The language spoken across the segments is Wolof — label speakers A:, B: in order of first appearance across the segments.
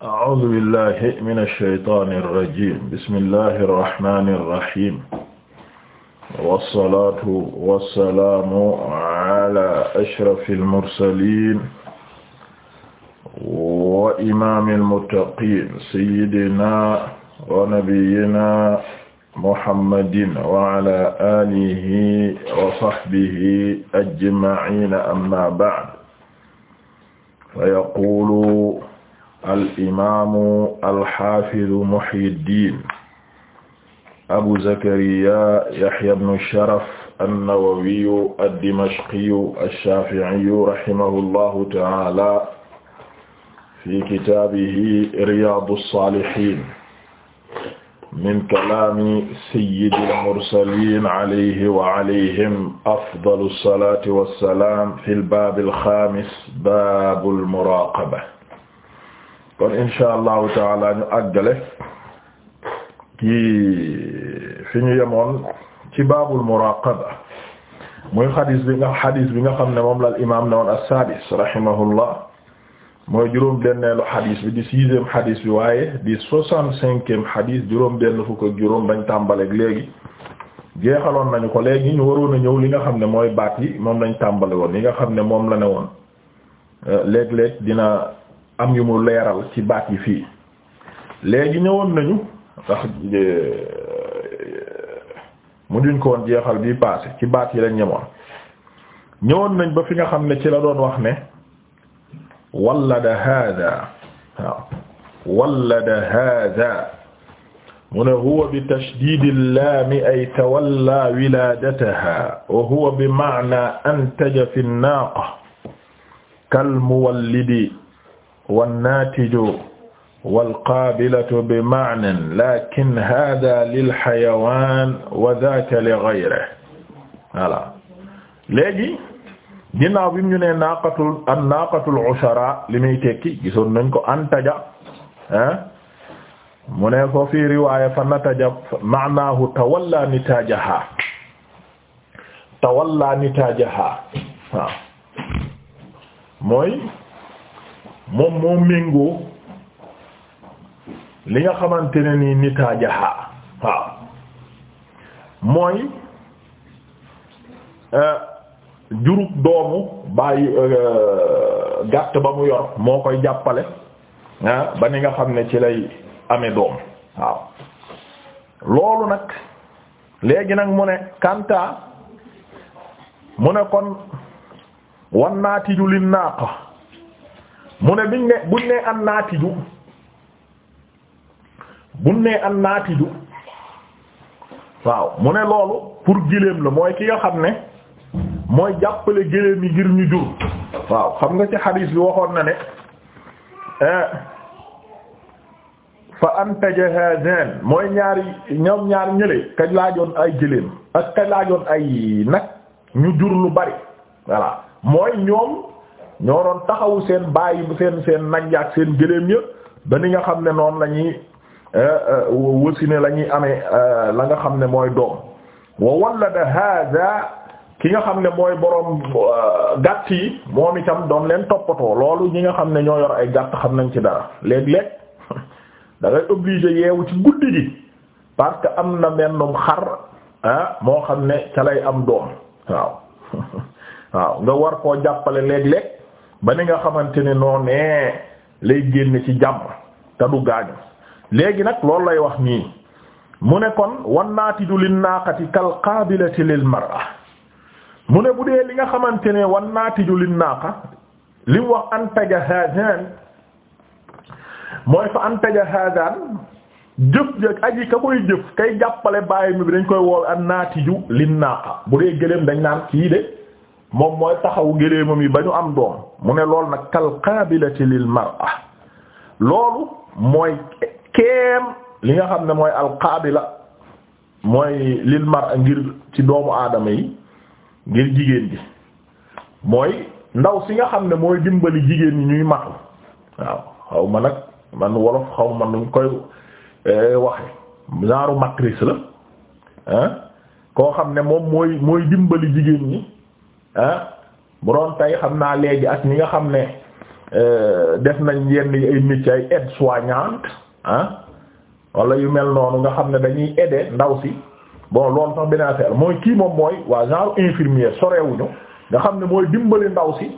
A: a'uuzu billahi mina shaytaani rajiim bismillahi rahmaani rahiim wasalaatu wasalaamu ala ashrafil mursaliin wa imaamil muttaqiin sayyidina wa nabiyyina muhammadin wa ala aalihi wa sahbihi ajma'iin amma ba'd fa yaquulu al imaamu alxaafidu muhyiddin abu zakariya yaxya bnu sharaf annawawiyu addimashqiyu alshaaficiyu rahimahu llahu taala fi kitaabihi riyaadu saalihiin min kalaami sayyidil mursaliin alayhi wa alayhim afdalu salaati wa salaam fil baabil xaamis baabul muraaqaba kon insha allahu taala ñu àggale ci fi ñu yemoon ci baabul muraqaba muy xadis bi nga xadis bi nga xam ne moom la al imaam ne woon as-sadis rahimahullah mooy juróom benneelu xadis bi di sixième xadis bi waaye di soixante-cinquième xadis juróom benn fukk ak juróom dañ tàmbaleeg léegi jeexaloon nañu ko léegi ñu waroon a ñëw li nga xam ne mooy baat yi moom lañ tàmbale woon yi nga xam ne moom la ne woon euh, léeg-léeg dina am yu mu leeral ci baat yi fii léegi ñëwoon nañu ndax euh, mu duñ ko woon jeexal bi passé ci baat yi lañ ñemoon ñëwoon nañ ba fi nga xam ne ci la doon wax ne wallada hada waaw wallada hada mu ne huwa bi tashdidi llaami ay tawalla wilaadataha wa huwa bi maana antaja fi naaqa kal muwallidi wannaatiju walqaabilatu bi maanan laakin haadaa lil xayawaan wa zaaka li gayrihi voilà léegi ginnaaw bi ñu ne naaqatul an naaqatul usharaa li muy tekki gisoon nañ ko antaja ah mu ne foo fi riwaaya fa nataja maanaahu tawallaa nitaajahaa tawallaa nitaajahaa waaw mooy. moom moo méngoo li nga xamante ne ni nitaa jaxaa waaw mooy euh, jurug doomu bàyyi euh, gàtt ba mu yor moo koy jàppale ba ni nga xam ne ci lay amee doom waaw loolu nag léegi nag mu ne kanta mu ne kon wan naatiju li naaqa mu ne biñ ne buñ ne an naatiju buñ ne an naatiju waaw mu ne loolu pour giléem la mooy ki nga xam ne mooy jàppale giléem yi ngir ñu jur waaw xam nga ci xadiis bi waxoon na ne eh, fa antaja hadan mooy ñaari ñoom ñaar ñële kañ laajoon ay giléem ak kañ laajoon ay nag ñu jur lu bari voilà mooy ñoom ñoo doon taxawu seen bàyyi bu seen seen nag yaak seen gëléem ya ba ni nga xam ne noonu la ñuy eh, eh, wasine la ñuy amee eh, la nga xam ne mooy doom wa wallada hada ki nga xam ne mooy boroom gàtt yi moom itam doom leen toppatoo loolu ñi nga xam ne ñoo yor ay gàtt xam nañ ci dara léeg-léeg da ngay obligé yeewu ci guddi gi parce que am na mennum xar ah moo xam ne ca lay am doom waaw waaw nga war koo jàppale léeg-léeg ba ni nga xamante ne noonee lay génn ci jàmm te du gaañu léegi nag loolu lay wax nii mu ne kon wan naatiju lin naaqati kal qaabilati lil mar'a mu ne bu dee li nga xamante ne wan naatiju lin naaqa li wax antaja hadan mooy fa antaja hadan jëf jëf aji ka koy jëf kay jàppale bàyyi mi bi dañ koy woowe an naatiju lin naaqa bu dee gëléem dañ naan kii de moom mooy taxaw gëléemam yi ba ñu am doom mu ne loolu nag kal qaabilati lil mar'a loolu mooy keem li nga xam ne mooy al qaabila mooy lil a ngir ci doomu aadama yi ngir jigéen gi mooy ndaw si nga xam ne mooy dimbali jigéen ñi ñuy matu waaw xaw ma nag man wolof xaw ma nuñ koy eh, waxe genre matrice la koo xam ne moom mooy mooy dimbali jigéen ñi ah bu doon tey xam naa léegi ak ñi nga xam ne euh, def nañ yenn ay métier ay aide soignante ah wala yu mel noonu nga xam ne dañuy aider ndaw si boo loolu sax beneen affaire mooy kii moom mooy waa genre infirmier sorewuñu nga xam ne mooy dimbali ndaw si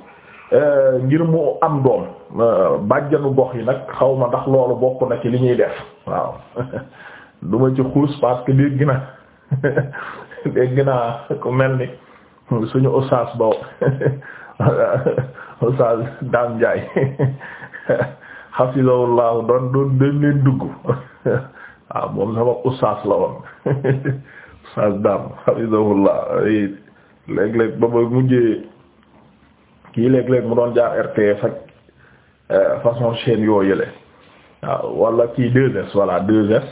A: euh, ngir mu am doom euh, bàjjanu gox yi nag xaw ma ndax loolu bokk na ci li ñuy def waaw duma ci xuus parce que dégg naa dégg naa ku mel ni suñu oustaz ba oustaz Dame Ndiaye hafizahullahu doon doon dañ leen dugg waaw ah, moom sama oustaz la woon oustaz Dame hafizahullah léeg-léeg ba ba mujjee kii léeg-léeg mu doon jaar RTS ak eh, façon chaîne yoo yële waaw ah, wala kii 2S voilà 2S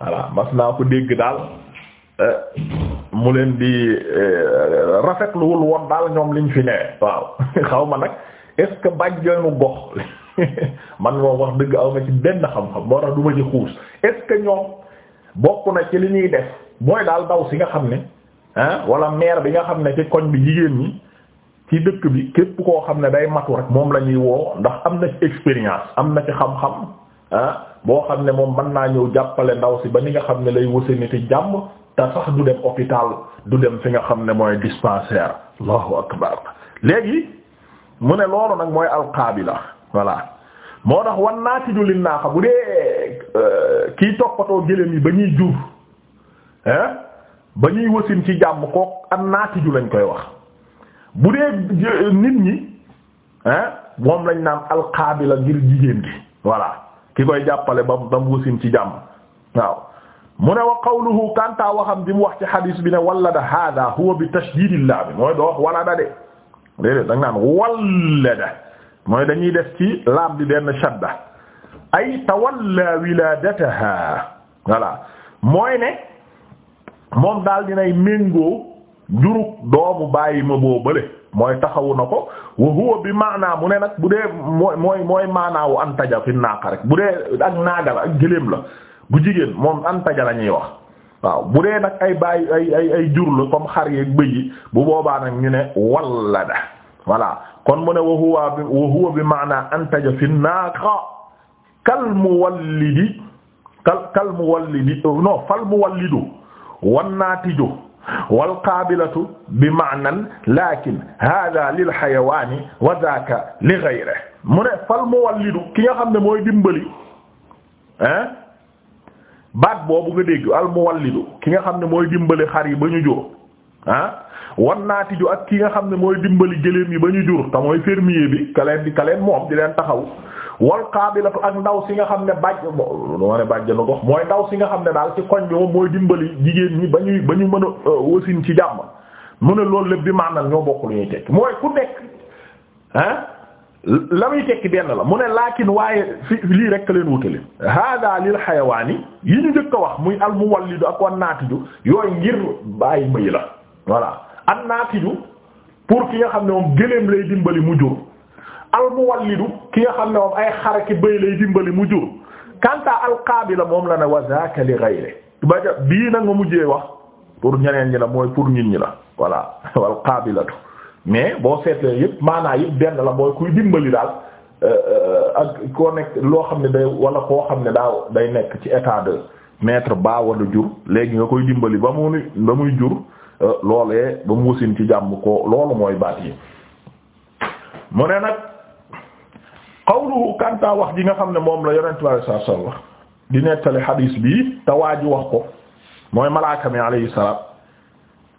A: voilà mas naa ko dégg daal eh, mu leen di euh, rafetluwul woon daal ñoom li ñu fi newee waaw xaw ma nag est ce que bàjjenu gox man moom wax dëgg aw ma ci benn xam-xam moo tax du ma ci xuus est ñoom bokk na ci li ñuy def mooy daal daw si nga xam ne ah wala maire bi nga xam ne ci koñ bi jigéen ñi ci dëkk bi képp koo xam ne day matu rek moom la ñuy woo ndax am na ci expérience am na ci xam-xam boo xam ne moom mën naa ñëw jàppale ndaw si ba ni nga xam ne lay wësani te jàmm te sax du dem hôpital du dem fi nga xam ne mooy dispensaire allahu akbar léegi mu ne loolu nag mooy alqaabila voilà moo tax wan naatiju lin naaqa bu dee euh, kii toppatoo gëléem yi ba ñuy jur hein ba ñuy wasin ci jàmm kook an naatiju lañ koy wax bu dee nit ñi hein moom lañ naan alqaabila ngir jigéen gi voilà ki koy jàppale ba mu wasin ci jàmm waaw mu ne wa qawluhu kanta waxam bi mu wax ci xadis bi ne walada hada huwa bi tashdidillah bi mooy doo wax walada de déedéet da nga mooy dañuy def ci laam bi benn shadda ay tawalla wiladataha voilà mooy ne moom daal ne méngoo jurug doomu bàyyi ma boo bële mooy taxawu na ko wa huwa bi maanaa mu ne nag bu dee mooy mooy mooy maanaawu antaja fi naaqa rek bu dee ak naaga la ak gëléem la bu jigéen moom antaja la ñuy wax bu dee nag ay bàyyi ay jur la comme xar yeeg bu boobaa na ñu ne wallada voilà kon mu ne wa huwa bi wa huwa bi maana antaja fi naaqa kal muwallidi kal kal muwallidi non fal muwallidu wan naatiju wal qaabilatu bi maanan laakin hada lil xayawaani wa daaka li gayre mu ne fal muwallidu ki nga xam ne mooy dimbali ah baat boobu nga dégg al muwallidu ki nga xam ne mooy dimbali xar yi ba ñu jur ah wan naatiju ak ki nga xam ne mooy dimbali gëléem yi ba ñu jur te mooy fermier bi ka leen di moom di leen taxaw wal qaabilatu ak ndaw si nga xam ne bàjj moo ne bàjjanu gox mooy ndaw si nga xam ne daal ci koñ bi moom mooy dimbali jigéen ñi ba ñuy ba ñu mën a euh, wasin ci jàmm mu ne loolu lépp bi maanal ñoo bokk lu ñuy tekk mooy ku nekk ah la muy tekki benn la mu ne laakin waaye fi lii rekk leen wutale hada lil xayawaani yi ñu njëkk a wax muy al muwallidu ak wan naatiju yooyu ngir bàyyi may la voilà an naatiju pour ki nga xam ne moom gëléem lay dimbali mu jur al muwallidu ki nga xam ne moom ay xaraki bëy lay dimbali mu jur kanta al qaabila moom la ne wa zaaka li ghayri baja bii nag ma mujjee wax pour ñeneen ñi la mooy pour ñun ñi la voilà wal qaabilatu mais boo seetee yëpp maanaa yëpp benn la mooy kuy dimbali daal euh, euh, ak koo nekk loo xam ne day wala koo xam ne daa day nekk ci état de maître ba wala jur léegi nga koy dimbali ba mu ba muy jur euh, loolee ba mu wasin ci jàmm ko loolu mooy baat yi mu ne nag xawlu kanta wax ji nga xam ne moom la yonent bi alayhi salaatu di nettali xadiis bii te waa ji wax ko mooy malaaka mi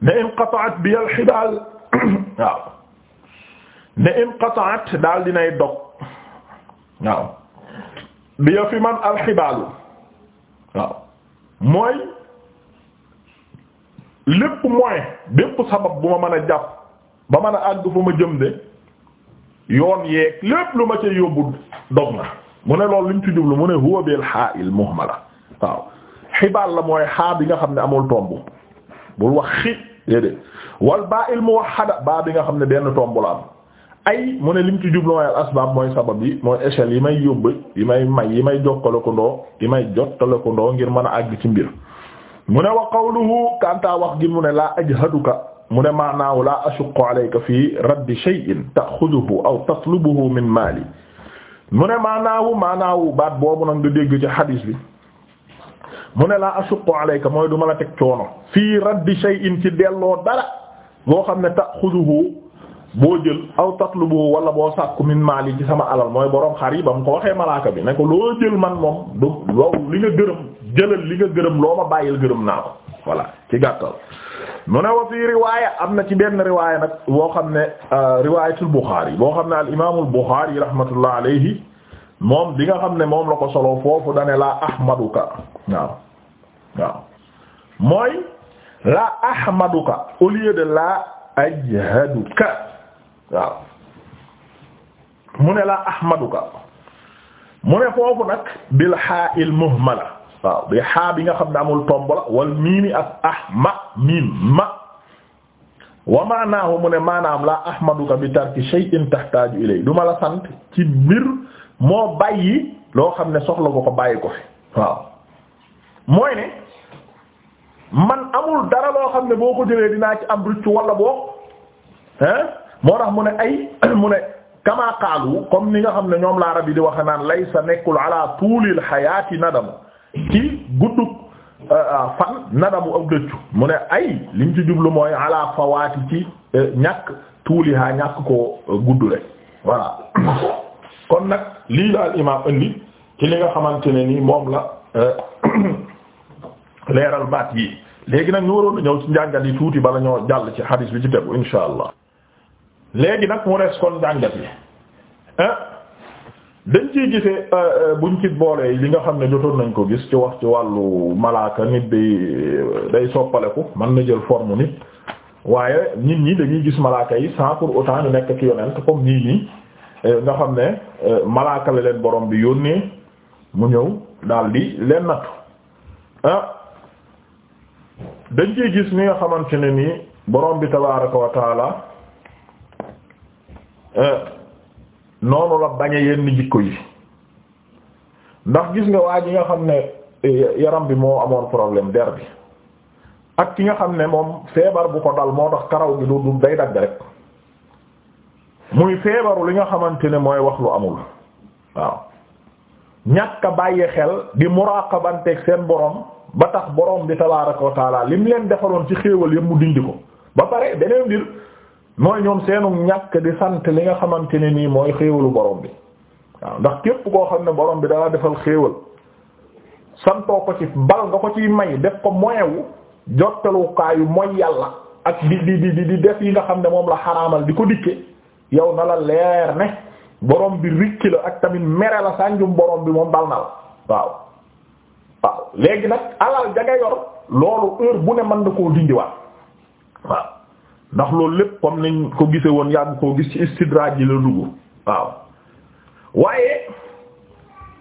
A: ne inqata'at bi al waaw ne inqata'at daal dinay dog waaw bi ya fi man alxibaalu waaw mooy lépp moyen bépp sabab bu ma mën a jàpp ba man a àgg fu ma jëm de yoon yeeg lépp lu ma ca yóbbu dog na mu ne loolu luñ ci jublu mu ne huwa bil ha'il muhmala waaw xibaal la mooy xaa bi nga xam ne amul tomb bul wax xi déedéet wal baa il muwahhada baa bi nga xam ne benn tomb ay mu ne lim ci jubloo al asbaab mooy sabab yi mooy échelle yi may yóbbu yi may may yi may jokkale ko ndoo yi may jottale ko ndoo ngir mën a àgg ci mbir mu ne wa qawluhu kanta wax gi mu ne laa ajhaduka mu ne maanaahu laa ashuqu alayka fii raddi shay'in ta'xuduhu aw tatlubuhu min maali mu ne maanaahu maanaahu baat boobu nag nga dégg ci xadiis bi mu ne laa ashuqu alayka mooy du ma la teg coono fii raddi shay'in ci delloo dara loo xam ne ta'xuduhu boo jël aw tatlubuhu wala boo sàkku min maali ci sama alal mooy borom xar yi ba mu ko waxee malaaka bi ne ko loo jël man moom du wow li nga gërëm jëlal li nga gërëm loo ma bàyyil gërëm naa ko voilà ci gàttal. mu ne wa fii riwaaya am na ci benn riwaaya nag boo xam ne euh, riwaayatul Buxaari boo xam ne al imaamul Buxaari rahmatullah alayhi moom bi nga xam ne moom la ko solo foofu dane laa ahmaduka waaw waaw mooy laa ahmaduka au lieu de laa ajhaduka waaw mu ne laa ahmaduka mu ne foofu nag bil xaa il muhmala waaw bi xaa bi nga xam ne amul tomb la wal miimi ak ahma miim ma wa maanaahu mu ne maanaam laa ahmaduka bi tarki shay'in tahtaju ilay duma la sant ci mbir moo bàyyi loo xam ne soxla ko ko bàyyi ko fi waaw mooy ne man amul dara loo xam ne boo ko jëlee dinaa ci am rucc wala boo hein moo tax mu ne ay mu ne kamaa qaalu comme ni nga xam ne ñoom laarab yi di waxe naan laysa nekkul ala tuulil xayaati nadamu ci guddug euh, euh, fan nadamu ak dëccu mu ne ay liñ ci jublu mooy ala fawaati ci euh, ñàkk tuuli ha ñàkk ko guddule voilà kon nag lii la al imaam indi ci li nga xamante ne nii moom la euh, leeral baat yi léegi nag ñu waroon a ñëw ci yi tuuti bala ñoo jàll ci hadis bi ci tegu insha allah léegi nag mu des kon njàngat yi dañ ciy gisee euh, buñ ci boolee li nga xam ne jotoon nañ ko gis ci wax ci wàllu malaaka nit day euh, day soppaleku man na jël forme nit waaye nit ñi dañuy gis malaaka yi sans pour autant ñu nekk ci yonent comme nii nii Eh, nga xam ne eh, malaaka leen borom bi yónnee mu ñëw daal di leen nattu ah, dañ ciy gis ni nga xamante ne nii borom bi tabaaraka wa taala eh, noonu la bañe yenn jikko yi ndax gis nga waa ji nga xam ne yaram bi moo amoon problème der bi ak ki nga xam ne moom feebar bu ko dal moo tax karaw gi du du day dagg rek muy feebaru li nga xamante ne mooy wax lu amul waaw ñàkk bàyyi xel di muraqabanteeg seen borom ba tax borom bi tabaaraka wa taala lim leen defaloon ci xéewal yëpp mu dindi ko ba pare beneen mbir mooy ñoom seenu ñàkk di sant li nga xamante ne nii mooy xéewalu borom bi waaw ndax képp koo xam ne borom bi dalaa defal xéewal santoo ko ci bal nga ko ciy may def ko moyewu jottalukaayu mooy yàlla ak di di di di def yi nga xam ne moom la xaraamal di ko dikke yow na la leer ne borom bi rikki la ak tamit mere la sànjum borom bi moom dal na la waaw léegi nag alal ja yor loolu heure bu ne mën da koo dindiwaat waaw ndax loolu lépp comme niñ ko gise woon yàgg koo gis ci istidraaj ji la dugg waaw waaye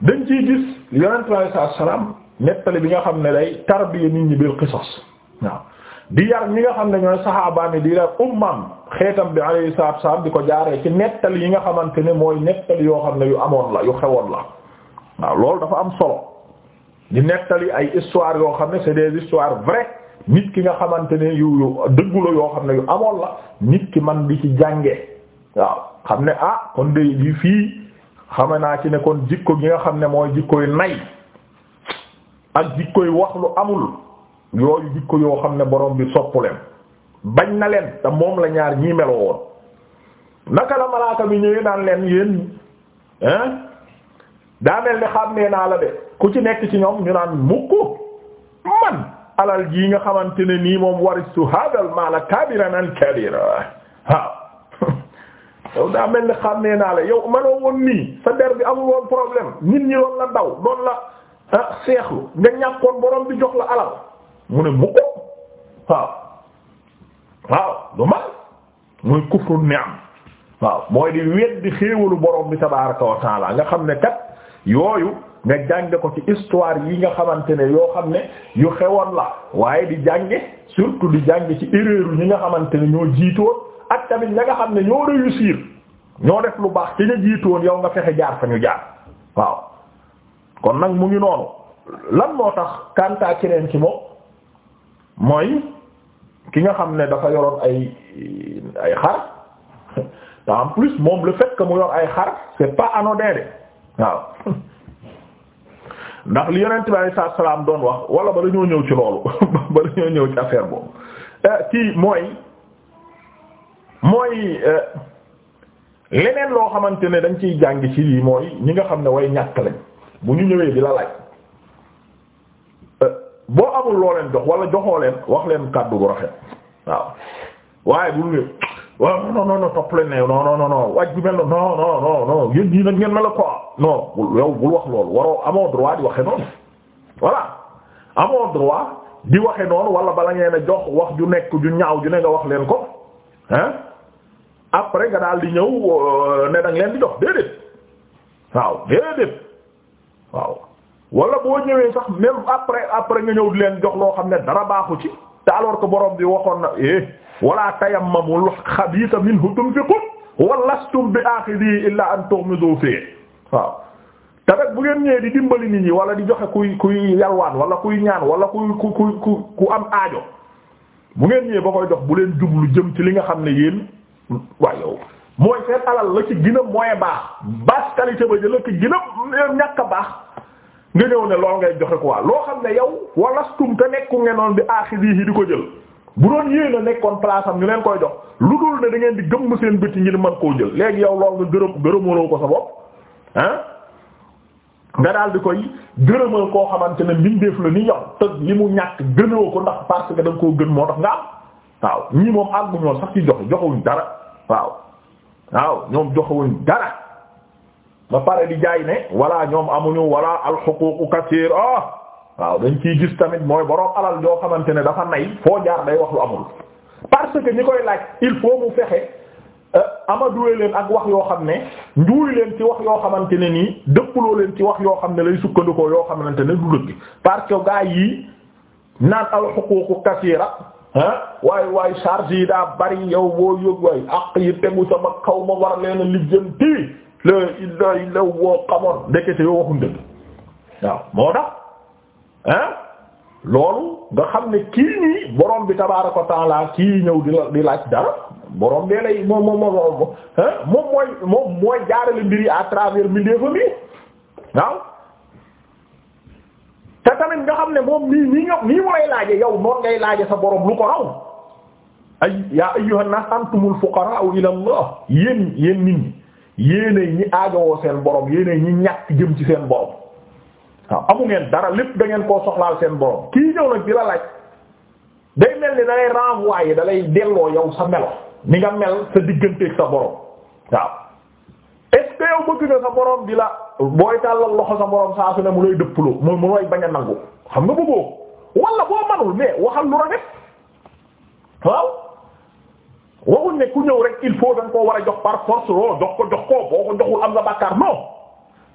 A: dañ ciy gis yonent bi sallallahu alayhi wasallam nettali bi nga xam ne lay tarbiya nit ñi bil qisas di yar ñi nga xam ne ñooy saxaabaami di yar ummam xeetam bi alayhi salaatu salaam di ko jaaree ci nettali yi nga xamante ne mooy nettali yoo xam ne yu amoon la yu xewoon la waaw loolu dafa am solo di nettali ay histoire yoo xam ne c'est des histoires nit ki nga xamante ne la yoo xam ne yu amoon la nit ki man di ci jànge waaw xam ne ah kon de fii xame naa ci ne kon jikko gi nga xam ne mooy jikkoy nay ak jikkoy wax lu amul. yooyu jikko yoo xam ne boroom bi soppu leen bañ na leen te moom la ñaar ñii meloo woon naka la malaaka mi ñëwee naan leen yéen hein daa mel ni xàmmee naa la de ku ci nekk ci ñoom ñu naan mukk man alal jii nga xamante ni nii moom waristu hadal maala kabiran an kabira waaw daa mel ni xàmmee naa la yow manoo woon nii sa der bi amul woon problème nit ñi doon la daw doon la ah, seexlu nga ñàkkoon borom bi jox la alal mu ne mukk waaw waaw lu man muy kufru ni'am waaw mooy di weddi xéewalu borom bi tabaaraka wa taala nga xam ne kat yooyu nga jànge ko ci histoire yi nga xamante ne yoo xam ne yu xewoon la waaye di jànge surtout di jànge ci erreur ñi nga xamante ne ñoo jiitoon ak tamit ña nga xam ne ñoo réussir ñoo def lu baax ci ña jiitoon yow nga fexe jaar fa ñu jaar waaw kon nag mu ngi noonu lan moo tax kantaa keneen ci moom mooy ki nga xam ne dafa yoroon ay ay xar te en plus moom le fekk que mu yor ay xar c'est pas anodin de waaw ndax li yonent bi alayhi salaam doon wax wala ba dañoo ñëw ci loolu ba dañoo ñëw ci affaire boobu kii eh, mooy mooy eh, leneen loo xamante ne dañ ciy jàng ci lii mooy ñi nga xam ne way ñàkk lañ bu ñu ñëwee di la laaj. boo amul loo leen jox wala joxoo leen wax leen kàddu bu rafet waaw waaye bu ñu waaw non non non topp leen ne non non non non waaj bi mel non non non non yéen ñii nag ngeen mel quoi non bul yow bul wax loolu waroo amoo droit di waxe noonu voilà amoo droit di waxe noonu wala bala ngeen a jox wax ju nekk ju ñaaw ju ne nga wax leen ko hein après nga daal di ñëw euh, ne danga leen di jox déedéet waaw déedéet waaw wala boo ñëwee sax même après après nga ñëw leen jox loo xam ne dara baaxu ci te alors que borom bi waxoon na eh wala tayammamul xabiisa minhu tunfiqun walastum bi aaxidihi illaa an tughmidu fihi waaw te rek bu ngeen ñëwee di dimbali nit ñi wala di joxe kuy kuy yalwaan wala kuy ñaan wala kuy ku ku ku am aajo bu ngeen ñëwee ba koy jox bu leen jublu jëm ci li nga xam ne yéen waaye yow mooy seen alal la ci gën a baax basse qualité ba jël la ci gën ñàkk a baax. nga ñëw ne lool ngay joxe quoi loo xam ne yow walastum te nekku ngeen noonu bi aaxiri di ko jël bu doon yéen a nekkoon place am ñu leen koy jox lu dul ne da ngeen di gëmm seen bëti ngir mën koo jël léegi yow lool nga gërëm gërëmaloo ko sa bopp ah nga daal di koy gërëmal koo xamante ne mbindeef la ni yow te li mu ñàkk gënoo ko ndax parce que da koo gën moo tax nga am waaw ñii moom àgguñoon sax ci joxe joxewuñ dara waaw waaw ñoom joxewuñ dara ma pare di jaay ne walla ñoom amuñu walla alxuququ kasiir ah waaw dañ kiy gis tamit mooy boroom alal yoo xamante ne dafa nay foo jaar day wax lu amul parce que ñi koy laaj il faut mu fexe euh, amaduwe leen ak wax yoo xam ne njuuy leen ci wax yoo xamante ne nii dëppuloo leen ci wax yoo xam ne lay sukkandikoo yoo xamante ne du dëgg parce que gaa yi naan alxuququ kasiira ah waaye waaye charge yi daa bari yow boo yëg àq yi tegu sama kaw ma war leen a lijjanti la illa illa woo xamoon ndekete yoo waxuñ dëgg waaw moo tax ah loolu nga xam ne kii nii borom bi tabaaraka wa taala kii ñëw di laaj dara borom bee lay moom moom moom moom mooy moom mooy jaarale mbir yi à travers milieu xam ne moom nii nii nga nii mu lay yow noon ngay laaje sa borom lu ko raw ay yaa ayyuhan nas antumul fuqara'u ila Allah yéen yéen nit ñi yéene ñi aajowoo seen borom yéene ñi ñàkk jëm ci seen borom waaw amu ngeen dara lépp dangeen koo soxlaal seen borom kii ñëw nag di la laaj day mel ni dalay renvoyer dalay delloo yow sa melo ni nga mel sa digganteeg sa borom waaw est ce que yow nga sa borom di la booy tàllal loxo sa borom saa su ne mu lay dëppaloo mu mu lay bañ a nangu xam nga bëggoo wala boo manul mais waxal lu rafet waaw. waxuñ ne ku ñëw rek il faut dañ koo war a jox par force loo jox ko jox ko boo ko joxul am nga bàkkaar non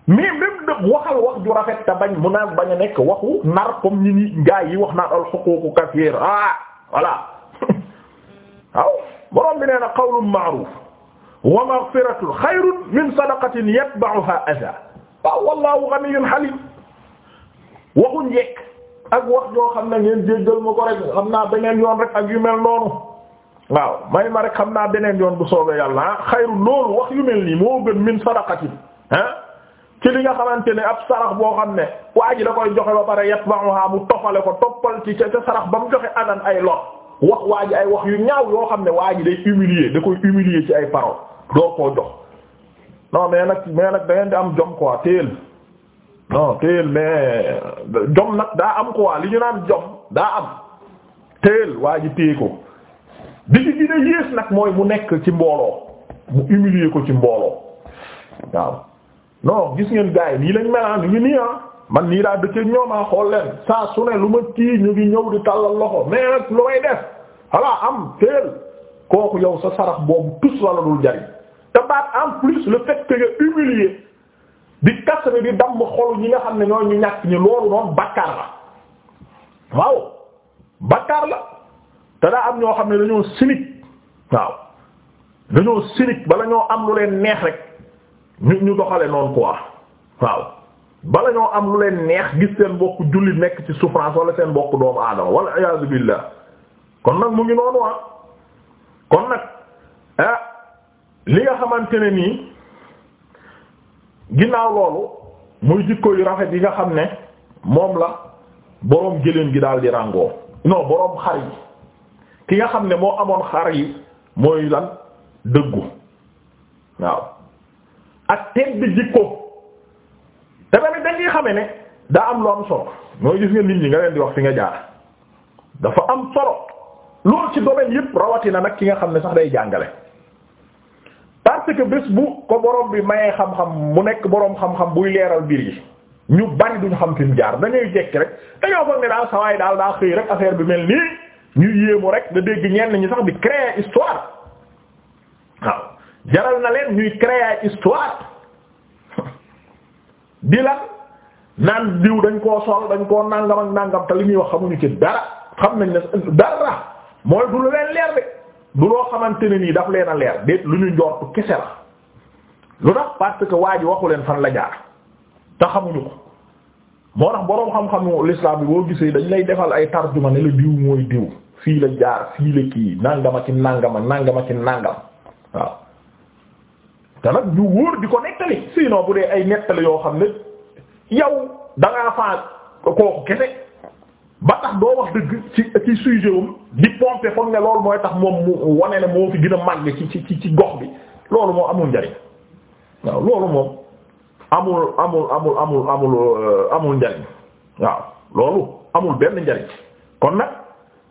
A: mais même dëgg waxal wax ju rafet te bañ mu naan bañ a nekk waxu nar comme ñi ni gaay yi wax naan al huquuqu kasiir ah voilà waaw borom bi nee na qawlun ma'ruuf wa maghfiratun xayrun min sadaqatin yatba'uhaa adhaa waaw wallaahu ghaniyyun haliim waxuñ yekk ak wax joo xam ne ngeen jéggal ma ko rek xam naa beneen yoon rek ak yu mel noonu. waaw may ma rek xam naa beneen yoon bu soobee yàlla ah xayru loolu wax yu mel nii moo gën min sadaqatin ah ci li nga xamante ne ab sarax boo xam ne waa ji da koy joxe ba pare yatba'uha mu toppale ko toppal ci ca ba mu joxe anan ay lot wax waa ji ay ñaaw yoo xam ne waa ji day humilier da koy humilier ci ay parole doo koo jox non mais nag mais nag da di am jom quoi téel non téel mais jom nag daa am quoi li ñu naan jom daa am téel waa ji téye ko li ci dina yées nag mooy mu nekk ci mbooloo mu humilier ko ci mbooloo waaw non gis ngeen gars yi nii lañ mel ah ngi nii ah man nii laa dëkkee ñooma ah, xool leen saa su ne lu ma kii ñu ngi ñëw di tàllal loxo mais nag lu may def voilà am teel kooku yow sa sarax boobu tus la la dul jariñ te baat en plus le fait que nga di kas bi di damm xolu ñi nga xam ne ñoo ñu ñàkk ñi loolu noonu bakkaar la waaw bakkaar la. te daa am ñoo xam ne dañoo cynique waaw dañoo cynique bala ñoo am lu leen neex rek ñu ñu doxale noonu ko waaw bala ñoo am lu leen neex gis seen bokk julli nekk ci souffrance wala seen bokk doomu aadama wala iyaazu billah kon nag mu ngi noonu ah kon nag ah li nga xamante ne nii ginnaaw loolu muy jikko yu rafet yi nga xam ne moom la boroom gëléem gi daal di ràngoo non boroom xar ki nga xam ne moo amoon xar yi mooy lan dëggu waaw ak tedd jikko te tamit dañuy xame ne daa am lu am solo mooy gis nga nit yi nga leen di wax fi nga jaar dafa am solo loolu ci domaine yépp rawatina nag ki nga xam ne sax day jàngale parce que bés bu ko borom bi mayee xam-xam mu nekk borom xam-xam buy leeral biir yi ñu bari duñ xam fi mu jaar dañuy jekki rek dañoo foog ne daal sawaay daal daa xëy rek affaire bi mel nii ñu yéemu rek da dégg ñenn ñi sax di créer histoire waaw jaral na leen ñuy créer histoire di la naan diw dañ koo sol dañ koo nàngam ak nàngam te li ñuy wax xamuñu ci dara xam nañ ne dara mooy du lu leen leer de du loo xamante ne nii daf leen a leer déet lu ñu njort kese la lu tax parce que waa ji waxu leen fan la jaar te xamuñu ko moo tax boroom xam-xamu l'islam bi boo gisee dañ lay defal ay tarjuma ne la diw mooy diw fii la jaar fii la kii nangama ci nangama nangama ci nangam waaw te nag ñu wóor di ko nettali sinon bu dee ay nettali yoo xam ne yow da ngaa kooku kese ba tax doo wax dëgg ci ci sujet di pomper foog ne loolu mooy tax moom mu wane ne moo fi gën a màgg ci ci ci gox bi loolu moo amul njariñ waaw loolu moom. amul amul amul amul amul euh, amul njariñ waaw loolu amul benn njariñ kon nag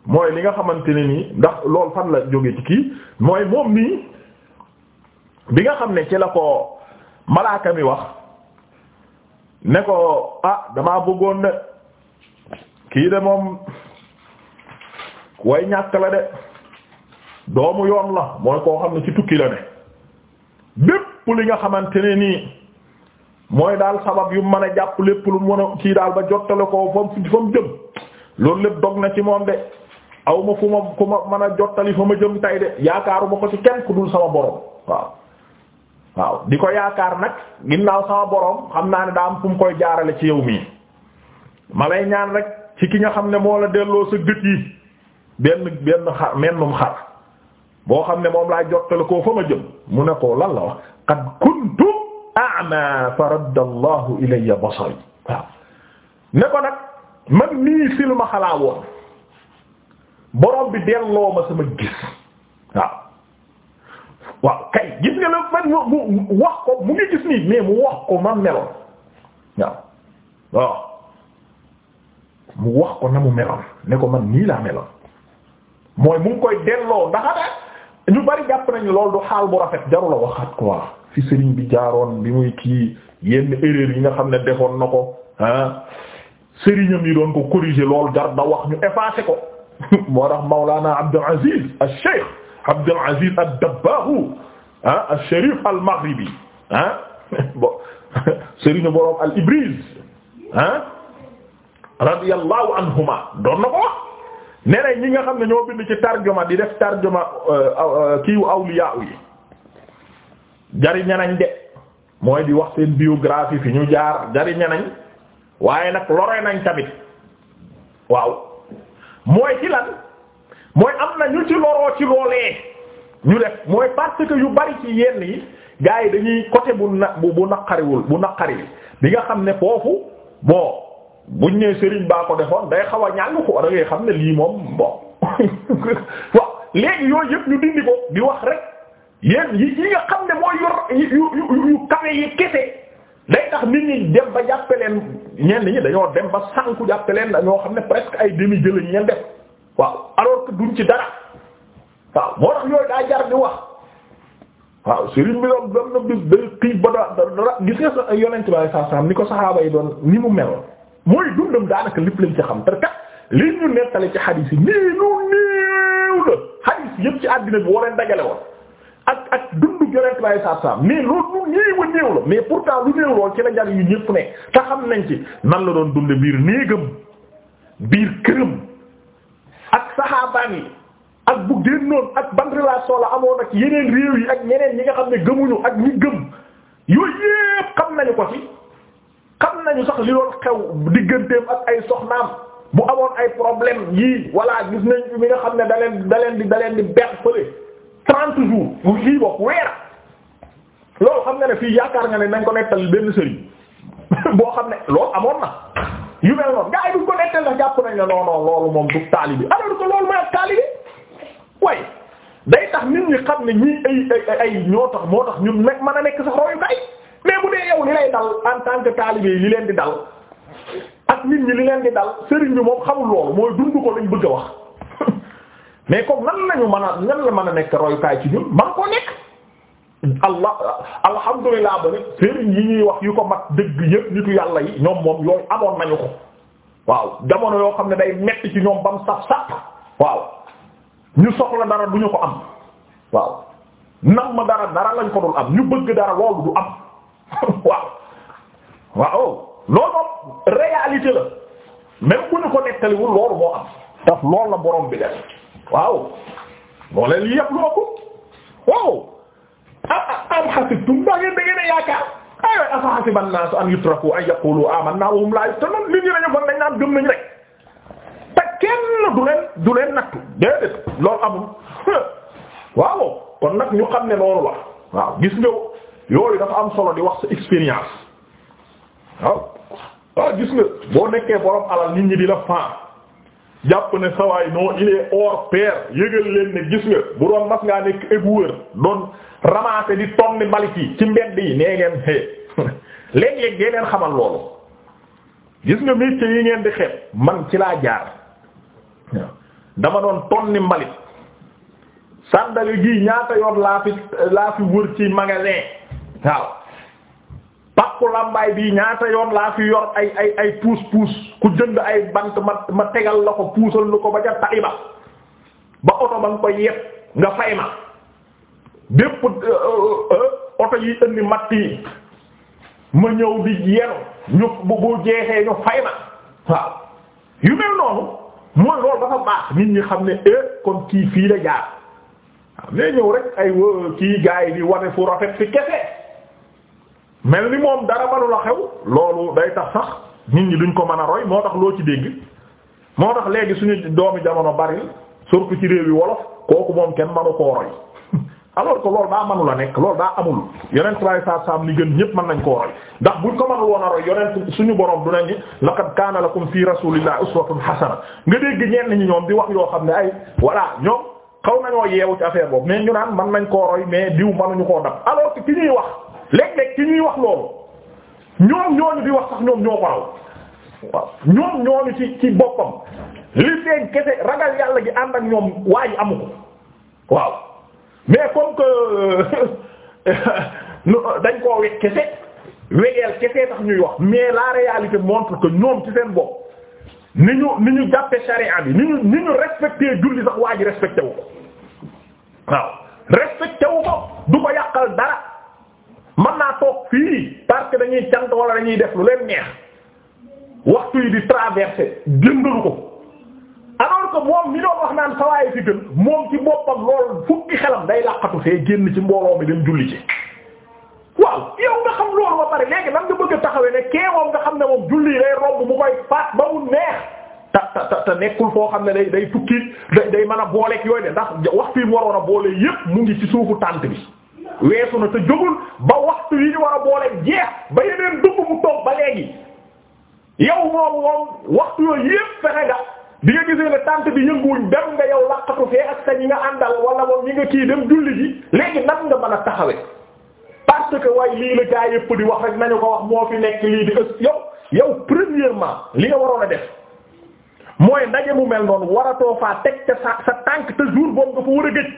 A: mooy li nga xamante ne nii ndax loolu fan la jóge ci kii mooy moom nii bi nga xam ne ci la ko malaaka mi wax ne ko ah damaa bëggoon de kii de moom way ñàkk la de doomu yoon la mooy koo xam ne ci tukki la ne bépp li nga xamante ne nii mooy daal sabab yu mën a jàpp lépp lu mën a kii daal ba jottale ko fam fam jëm loolu lépp dog na ci moom de aw ma fu ma fu ma mën a jottali fa ma jëm tay de yaakaaruma ci kenn ku dul sama borom di ko yaakaar nag ginnaaw sama borom xam naa ne daa am fu mu koy jaarale ci yow mii ma lay ñaan rek ci ki nga xam ne moo la delloo sa gët yi benn benn xar boo xam ne moom laa jottale koo fa ma mu ne ko lan la wax qad kuntum a'ma fa radda allahu ilayya basari waaw ne ko nag man nii si lu ma xalaa woon borom bi delloo ma sama gis waaw kay gis nga man mu wax ko mu ngi gis nii mais mu wax ko ma meloon waaw waaw mu wax ko na mu meloon ne ko man nii laa meloon mooy mu ngi koy delloo ndax ñu bari jàpp nañu loolu du xaal bu rafet jarul a waxaat quoi. fi sëriñ bi jaaroon bi muy kii yenn erreur yi nga xam ne defoon na ko ah sëriñam yi doon ko corriger lool jar wax ñu effacer ko moo tax Mawlana Abdul Aziz al-Cheikh Abdul Aziz ad-Dabbagh ah, al-Sharif al-Maghribi ah bon sëriñu borom al-Ibriz ah radiyallahu anhuma doon na ko wax ñi nga xam ne ñoo bind ci tarjuma di def tarjuma euh, euh, kiiwu awliya jariña de mooy di wax seen biographie fi ñu jaar jariña waaye nag lore nañ tamit waaw mooy ci lan mooy am na ñu ci loroo ci loolee ñu def mooy parce yu bari ci yenn yi gars yi dañuy côté bu na bu naqariwul bu naqari bi nga xam ne foofu bon buñ nee Serigne baa ko defoon day xawa a ñàng ko da ngay xam ne lii moom bon waaw yooyu yëpp ñu dindi ko di wax rek. yéen yi yi nga xam ne mooy yor yu yu kawe yi kese day tax nit ñi dem ba jàppe leen ñenn ñi dañoo dem ba ku jàppe leen dañoo xam ne presque ay demi jëlañ ñeen def waaw alors que duñ ci dara waaw moo tax yooyu daa jar di wax waaw sëriñ bi doon doon na bis ba da dara gis nga sa yonent bi sallallahu alayhi wasallam ni ko saxaaba yi doon ni mu meloon mooy dundam daanaka lépp lañ ci xam te kat li ñu ci xadiis yi nii nu néew ci àddina bi woo leen dajale woon ak ak dundu yonent baay saab saab mais loolu lu néew a néew la mais pourtant lu néew lool ci la jar yu ñëpp ne te xam nañ ci nan la doon dunde biir néegam biir këram ak saxaabaan yi ak bu génnoon ak ban relation la amoon ak yeneen réew yi ak ñeneen ñi nga xam ne gëmuñu ak ñi gëm yooyu yépp xam nañu ko ci xam nañu sax li doon xew digganteem ak ay soxnaam bu amoon ay problème yii walla gis nañ mi nga xam ne da leen da leen di da leen trente jours mu kii xam nga ne fii yaakaar nga ne nañ ko nettal benn sëriñ boo xam ne loolu amoon na yu mel noonu gars yi duñ ko nettal na jàpp nañ ne non non loolu moom du taalibi alors que loolu mooy ak taalibi waaye day tax nit ñi xam ne ñi ay ay ñoo tax moo tax ñun nag mën a nekk sax royukaay mais bu dee yow li lay dal en tant que yi li leen di dal ak nit ñi li leen di dal sëriñ bi moom xamul loolu mooy dund ko lañ bëgg a wax mais comme nan lañu mën a nan la mën a nekk royukaay ci ñun man koo nekk allah alhamdulilah ba ne sëriñ yi ñuy wax yu ko mat dëgg yëpp nitu yàlla yi ñoom moom yooyu amoon nañu ko waaw jamono yoo xam ne day metti ci ñoom bam saf saf waaw ñu soxla dara du ñu ko am waaw nam ma dara dara lañ ko dul am ñu bëgg dara loolu du am waaw waaw loolu moom réalité la même bu ñu ko nettaliwul loolu moo am daf loolu la boroom bi def waaw moo leen li yëpp loo ko waaw am hasibtum da ngeen da ngeen yaakaar aywa afa hasiba an an yutraku an yaqulu amanna wa hum la yuftanun nit ñi dañu foog dañ naan gëm nañ rek te kenn du kon nag ñu xam ne loolu la waaw gis nga yooyu dafa am solo di wax sa expérience waaw gis nga boo nekkee borom alal nit ñi di la faa. jàpp ne sawaay non il est hors pair leen ne gis nga bu doon mas ngaa nekk éboueur doon ramasser di tonni mbalit yi ci mbedd yi nee ngeen xee léeg dee leen xamal loolu gis nga métier yi ngeen di xet man ci laa jaar dama doon tonni mbalit sàndale gi ñaata yoon laa fi laa fi wër ci magasin waaw pakku làmbaay bii ñaata yoon laa fi yor ay ay ay puus puus ku jënd ay bant ma ma tegal la ko puusal lu ko ba ca tali ba ba oto ba nga koy yépp nga fay ma bépp euh, euh, euh, oto yi indi matt yi ma ñëw di yenu ñu bu jeexee ñu fay ma waaw yu mel noonu mooy loolu dafa baax nit ñi xam ne e kon kii fii la jaar waaw ñëw rek ay kii gaay di wane fu rafet fi kese mel ni moom dara manu la xew loolu day tax sax nit ñi duñ ko mën a roy moo tax loo ci dégg moo tax léegi suñu doomi jamono bari surtout ci réew yi wolof kooku moom kenn manu koo roy alors que loolu daa manu la nekk loolu daa amul yonent sallallahu alayhi wa sallam li gën ñépp mën nañ koo roy ndax buñ ko mënul woon a roy yonent suñu borom du nañu laqad kaana lakum fi rasulillahi uswatun hasana nga dégg ñenn ñi ñoom di wax yoo xam ne ay voilà ñoom xaw nañoo yeewu ci affaire boobu mais ñu naan mën nañ koo roy mais diw mënuñu koo dab alors que ki ñuy wax léeg-léeg ci ñuy wax loolu ñoom ñooñu di wax sax ñoom ñoo ko raw waaw ñoom ñooñu ci ci boppam li seen kese ragal yàlla gi ànd ak ñoom waa amu ko waaw mais comme que euh, dañ koo weg kese wegeel kese tax ñuy wax mais la réalité montre que ñoom ci seen bopp ni ñu ni ñu jàppe charia yi ni ñu ni ñu respecté julli sax waa ji respecté wu ko waaw respecté wu ko du ko yàqal dara mën naa toog fii parce dañuy cant wala dañuy def lu leen neex waxtu yi di traversé jëndalu ko alors que moom mi doon wax naan sawaay fi gën moom ci boppam lool fukki xelam day làqatu fee génn ci mbooloo mi dem julli ci waaw yow nga xam loolu ba pare léegi nan nga bëgg taxawe ne kee moom nga xam ne moom julli day romb mu koy faat ba mu neex ta ta ta nekkul foo xam ne day day tukki day day mën a booleeg yooyu de ndax waxtu yi mu waroon a boole yépp mu ngi ci suufu tànt bi weesu na te jógul ba waxtu yi ñu war a boole jeex ba yeneen dugg mu toog ba léegi yow moom moom waxtu yooyu yépp fexe nga bi nga gisee ne tànt bi yënguwuñ dem nga yow laqatu fee ak sa ñi nga àndal wala moom ñi nga kii dem julli ji léegi nan nga mën a taxawe parce que waaye lii la gaa yépp di wax rek nañu ko wax moo fi nekk lii di ës yow yow premièrement li nga waroon a def mooy ndaje mu mel noonu waratoo faa teg ca sa sa tànk te jour boobu nga fa war a gëj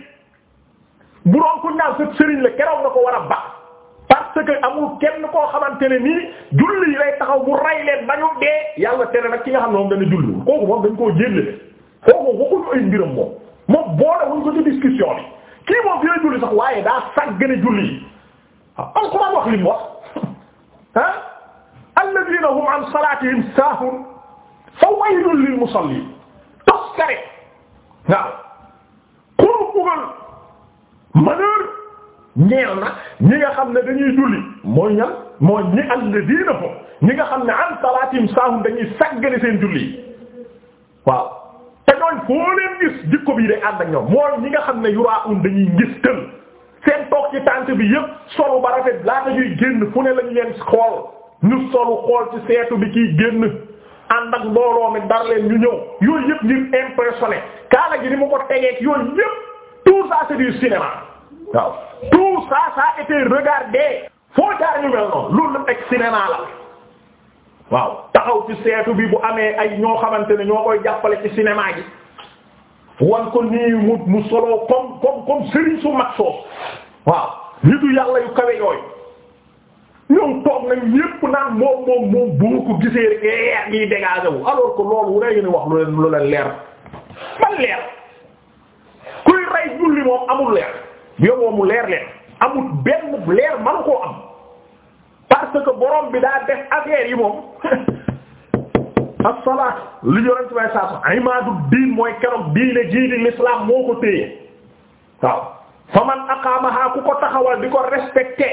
A: bu doon ku ñaaw sëb sëriñ la keroog na ko war a ba que amul kenn koo xamante ne nii julli yi lay taxaw mu ray leen ba ñu dee yàlla tere nag ki nga xam ne moom dañu julli kooku moom dañ koo jéllale kooku waxuñu ay mbiram moom moom boole wuñ ko ci discussion kii moom fi la julli sax waaye daa sàggane julli yi ah, am ko wax li mu wax ah alladina hum an salatihim saahun fa waylun lil musallin toskare waaw xuru bugal malheur ñeel na ñi nga xam ne dañuy julli mooy ñan mooy ñi alladiina hum ñi nga xam ne an salaatihim saahun dañuy sàggane seen julli waaw te ñooñ foo leen gis jikko bii de ànd ak ñoom mooy ñi nga xam ne yuraa'uun dañuy gis seen toog ci tànt bi yépp solu ba rafet génn fu ne lañu leen ñu solu xool ci seetu bi kiy génn ànd ak mbooloo mi dar leen ñu ñëw yooyu yépp ngir impressionné kaala gi ni mu ko tegeek yooyu yépp tout ça c'est du cinéma waaw tout ça ça a été regardé foo jaar ñu mel noonu loolu nag cinéma la waaw taxaw ci seetu bi bu amee ay ñoo xamante ne ñoo koy jàppale ci cinéma ji wan ko nii mu mu solo comme comme comme Serigne su mag soosu waaw nitu yàlla yu kawe yooyu ñoom toog nañ ñépp naan moom moom moom boo ko gisee rek eh yaa ngi dégagé wu alors que loolu wu ne ni wax lu leen lu leen leer man leer. bi moom amul leer yoboo mu leer leer amul benn leer man koo am parce que borom bi daa def affaire yi moom as-salaat li ñoran ci way sasa imaadu diin mooy keroog diine jii di l'islam moo ko téye waaw fa man aqaamaha ku ko taxawal di ko respecté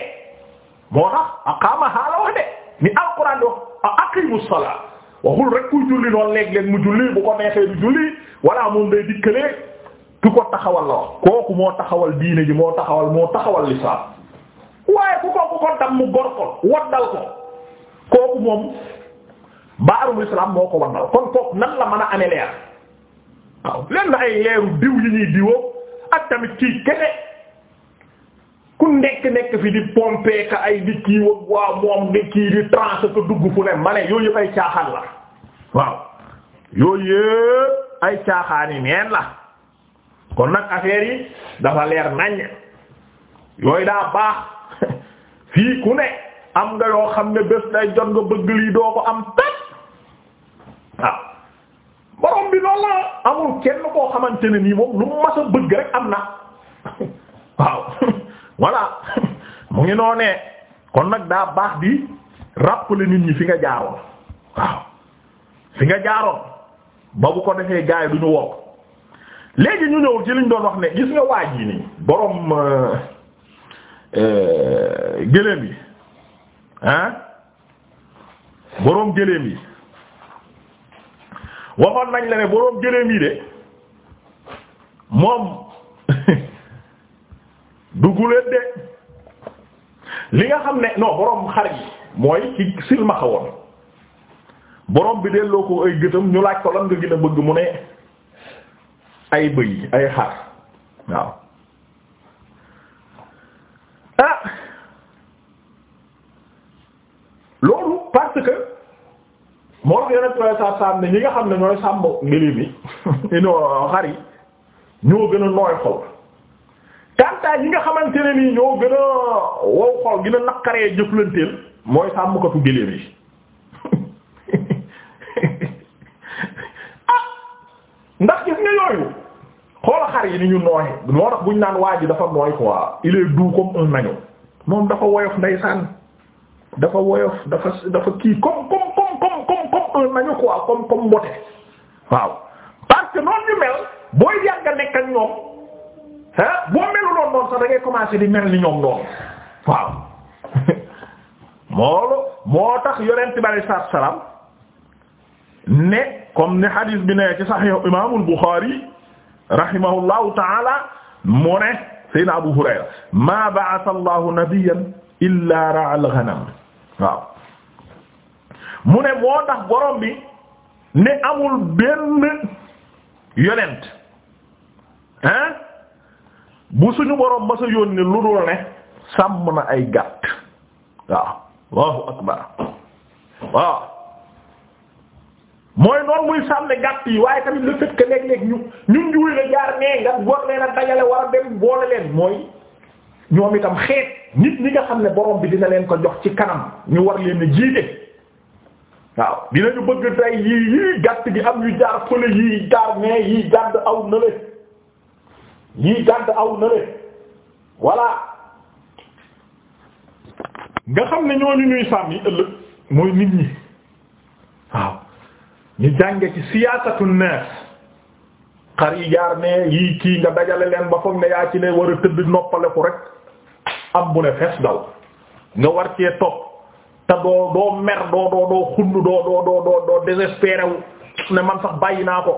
A: moo tax aqaamaha la wax de ni alquran wax a aqimu salaat waxul rek kuy julli noonu léeg-léeg mu julli bu ko neexee du julli wala moom day dikkalee ki ko taxawal la wax kooku moo taxawal diine ji moo taxawal moo taxawal lislaam waaye ku ko ku ko dam mu gor ko waddal ko kooku moom baarum lislaam moo ko waddal kon kooku nan la mën a amee leer waaw leen na ay leeru diw yi ñuy diwoo ak tamit kii kese ku nekk nekk fi di pomper ka ay di kii waa moom di kii di transe ko dugg fu ne ma ne yooyu yëpp ay caaxaan la waaw yooyu yëpp ay caaxaani neen la kon nag affaire yi dafa leer naññ yooyu daa baax fii ku ne am nga yoo xam ne bés day jot nga bëgg lii doo ko am tat ah, waaw borom bi loolu la amul kenn koo xamante ne nii moom lu mu mas a bëgg rek am na waaw voilà mu ngi noonee kon nag daa baax bi di la nit ñi fi nga jaaroon waaw fi nga jaaroon ba bu ko defee gaay duñu wokk léegi ñu ñëw ci liñ doon wax ne gis nga waaj yi nii boroom euh, euh, gëléem yi ah borom gëléem yi waxoon nañ la ne borom gëléem yi de moom dugguleen de li nga xam ne non borom xar yi mooy ci silmaxa woon borom bi delloo ko ay gëtam ñu laaj ko lan nga gën a bëgg mu ne. ay bëy ay xar waaw ah! loolu parce que moo tax yeneen trois cent sàmm ñi nga xam ne ñooy sàmm ngelaw bi ñoo xar yi ñoo gën a nooy xol. kantaa yi nga xamante ne nii ñoo gën a wow xol gën a naqaree jëflanteel mooy sàmmkatu ngelaw yi. xoola xar yi ni ñu nooxe moo tax buñ naan waa ji dafa nooy quoi il est comme un agneau moom dafa woyof ndeysaan dafa woyof dafa dafa kii comme comme comme comme comme comme un agneau comme comme mbote waaw parce noonu ñu mel booy yàgg a nekk ak ñoom ah boo meluloon noonu sax da commencer di mel ni ñoom noonu waaw moolu moo tax yonent bi alayhi salaam ne comme ni hadith bi ne ci Sahih Imam al rahimahullahu taala mu ne Seydina Abu Hurayra maa ba'atha Allahu nabiyyan illaa ra'a al-ghanam waaw mu ne moo tax borom bi ne amul benn yonent hein bu suñu borom ba sa yónni lu dul ne sàmm na ay gàtt waaw Allahu akbar waaw mooy noonu muy sàmm gàtt yi waaye tamit le fait que léeg-léeg ñu boole leen mooy ñoom itam xeet nit ñi nga xam ne boroom bi dina leen ko jox ci kanam ñu war leen a jiite waaw dinañu bëgg tey yii yii gàtt gi am yu jaar fële yii jaar nee yii gàdd aw na le yii aw na le nga xam ne ñooñu ñuy sàmmi ëllëg mooy nit ñi waaw ñu jànge ci siyaasatu naas xar yi jaar ne yii kii nga dajale leen ba foog ne yaa ci ne war a tëdd noppale ko rek am bu ne fees daw nga war cee topp te doo doo mer doo doo doo doo doo doo ne man sax bàyyi naa ko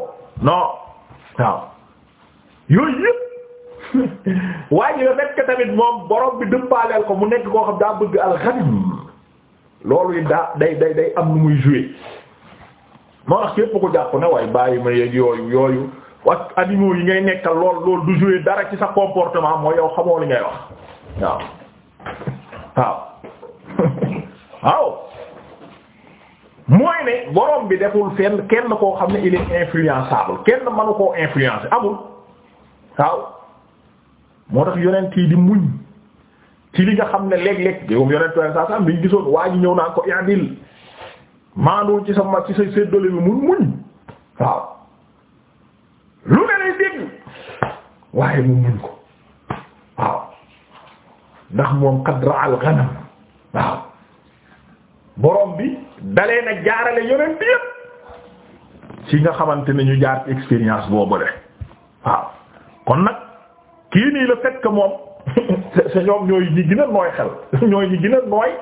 A: non waaw yooyu yëpp waaye ji la tamit moom borom bi dëppaaleel ko mu nekk koo xam daa bëgg alxadim loolu yi daa day day day am lu muy joué moo tax képp ko jàpp ne waaye bàyyi ma yéeg yooyu yooyu ak animaux yi ngay nekkal lool lool du jouer dara ci sa comportement mooy yow xamoo li ngay wax waaw waaw waaw mooy ne borom bi deful fenn kenn koo xam ne il est influençable kenn mënu koo influencer amul waaw moo tax yonent yi di muñ ci li nga xam ne léeg-léeg yow yonent waaye ñëw naa ko i'dil maandu ci sa ma ci sa séddale bi muñ muñ waaw lu ne lay dégg waaye mu muñ ko waaw ndax moom qad ra'a waaw borom bi dalee na jaarale yonent yépp ci nga xamante ne ñu jaar ci expérience boobu de waaw kon nag kii nii la fait que moom sa ñoom ñooy ñi gën nooy xel ñooy ñi gën nooy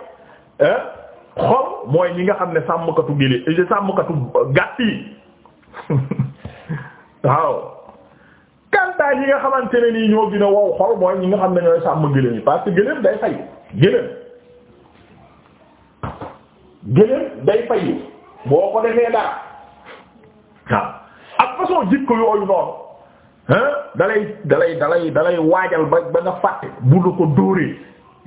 A: xol mooy ñi nga xam ne sàmmkatu gili sàmmkatu gàtt yi waaw kantaa ñi nga xamante ne nii ñoo gën wow xol mooy ñi nga xam ne ñooy sàmm gëléem yi parce que gëléem day fayu gëléem gëléem day fayu boo ko defee dara waaw ak façon jikko yooyu noonu hein dalay dalay dalay dalay waajal ba ba nga fàtte bu lu ko dóoree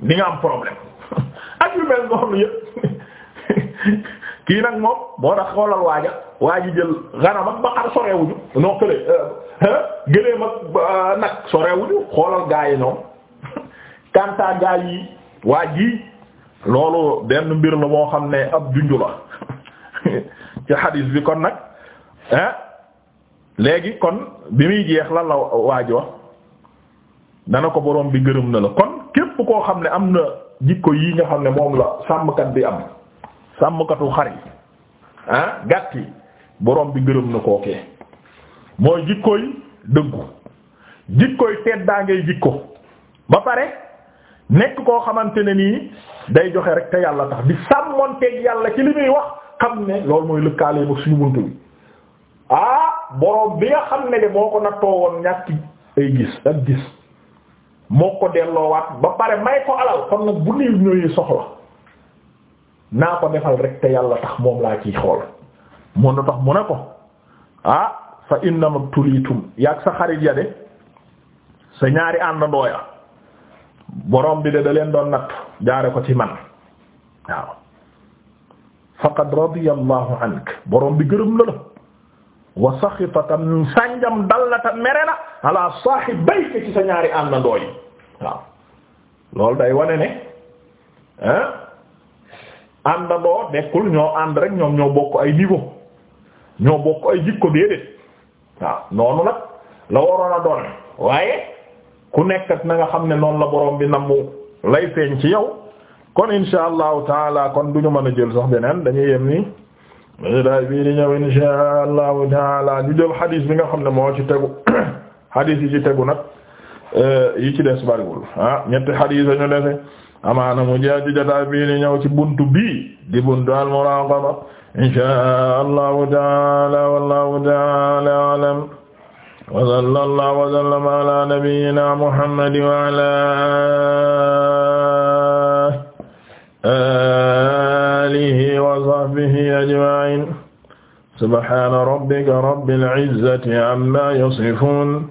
A: ni nga am problème ak yu mel noonu yëpp kii nag moom moo tax xoolal waaja waaji jël ganam ak baqar sorewuñu non kële euh, gëléem ak euh, nag sorewuñu xoolal gaa yi noonu kanta gaa yi waaj yi loolu benn mbir la moo xam ne ab junju la ci xadiis bi kon nag ah léegi kon bi muy jeex la la waaji wax dana ko borom bi gërëm na la kon képp koo xam ne am na jikko yi nga xam ne moom la sàmmkat bi am sàmmkatu xar yi ah gàtt yi borom bi gërëm na kookee mooy jikkooy dëggu jikkooy teet daa ngay jikko ba pare nekk koo xamante ne nii day joxe rek te yàlla tax di teg yàlla ci li muy wax xam ne loolu mooy lëkkaale ba suñu buntu bi ah borom bi nga xam ne de moo ko nattoo woon ñàkk ay gis ak gis moo ko delloowaat ba pare may ko alal kon nag bu néew ñooy soxla. naa ko defal rek te yàlla tax moom laa ciy xool mun na tax mu ne ko ah fa innama tulitum yaag sa xarit ya de sa ñaari àndandoo ya bi de da leen doon natt jaare ko ci man waaw faqad radiyallahu ank borom bi gërëm na la wa saxita tam sànjam dal na tam mere na ala saahibayka ci sa ñaari àndandoo waaw loolu day wane ne ah na àndandoo nekkul ñoo ànd rek ñoom ñoo bokk ay niveau ñoo bokk ay dikko déedéet waaw noonu nag la waroon a doon waaye ku nekkat na nga xam ne noonu la borom bi namu lay feeñ ci yow kon insha allahu taala kon du ñu mën a jël sax beneen dañuy yem ni daay bii di ñëw insha allahu taala ñu jël xadiis bi nga xam ne moo ci tegu xadiis yi ci tegu nag Euh, yi ci des bariwul ah ñetti xadiis ñu dese amaana mu jeex ci jotaay bii ni ñëw ci buntu bii di buntu al muraqaba inshaa allahu taala wallahu taala alam wa sallallahu wa sallama ala nabiyyina muhammad wa ala alihi wa sahbihi ajma'in subhana rabbika rabbil izzati amma yasifun